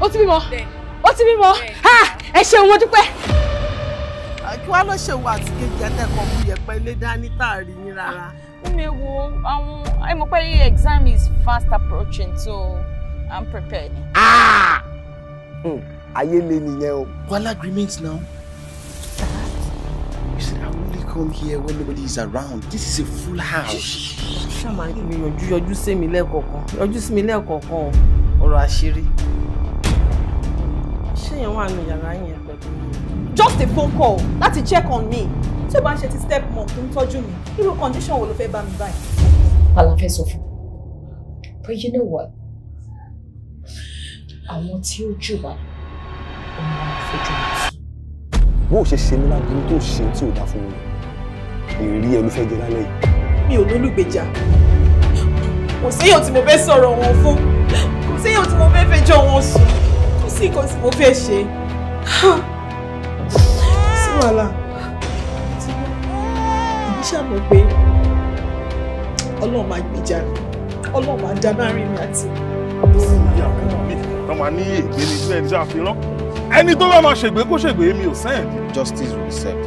ó ti bímọ ó ti bímọ ẹ ṣeun mo dúpẹ́. kí wàá lọ ṣe wo àti kejì ẹtẹkọ fún yẹpẹ ilé dání táàrí yín rárá. mi wo àwọn ẹ mọ̀ pé exam is fast approaching so i'm prepared. ayé lè nìyẹn o. wàhálà agreement now. You said I only come here when nobody is around. This is a full house. Ṣé màá gbìyànjú yọjú sí mi lẹ́ẹ̀kọ̀ọ̀kan? Yọjú sí mi lẹ́ẹ̀kọ̀ọ̀kan o. Ọ̀rọ̀ àṣírí yẹn wà nù yàrá yẹn pẹ̀lú. just a phone call láti check on me tí o bá ń ṣe ti step mom tó ń tọ́jú mi irú condition wo ló fẹ́ bá mi báyìí. àlàfẹ́ sọ fún but you know what àwọn tí ó jù wá ọmọ àfojú mi sùn. bó o ṣe ṣe ní lábúrú tó ṣe tí ò dá fún mi ìrírí ẹ ló fẹ́ jẹ lálẹ́ yìí. mi ò lólùgbèjà kò séyàn tí mo fẹ́ sọ̀rọ̀ wọn fún kò séyàn tí mo fẹ́ fẹjọ́ wọn nǹkan tí mo fẹ́ ṣe sí wàhálà ìbí ṣàmọ̀ pé ọlọ́run máa gbèjà ọlọ́run máa já láàrin mi àti. lórí ìyàwó mi tó máa ní ègbé ní ilé ẹjọ́ àfihàn ẹni tó bá máa ṣègbè kó ṣègbè mi ò sẹ́yìn. justice will be served.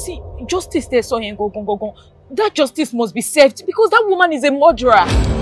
see justice tẹ sọ yẹn gangan gangan that justice must be served because that woman is a murderer.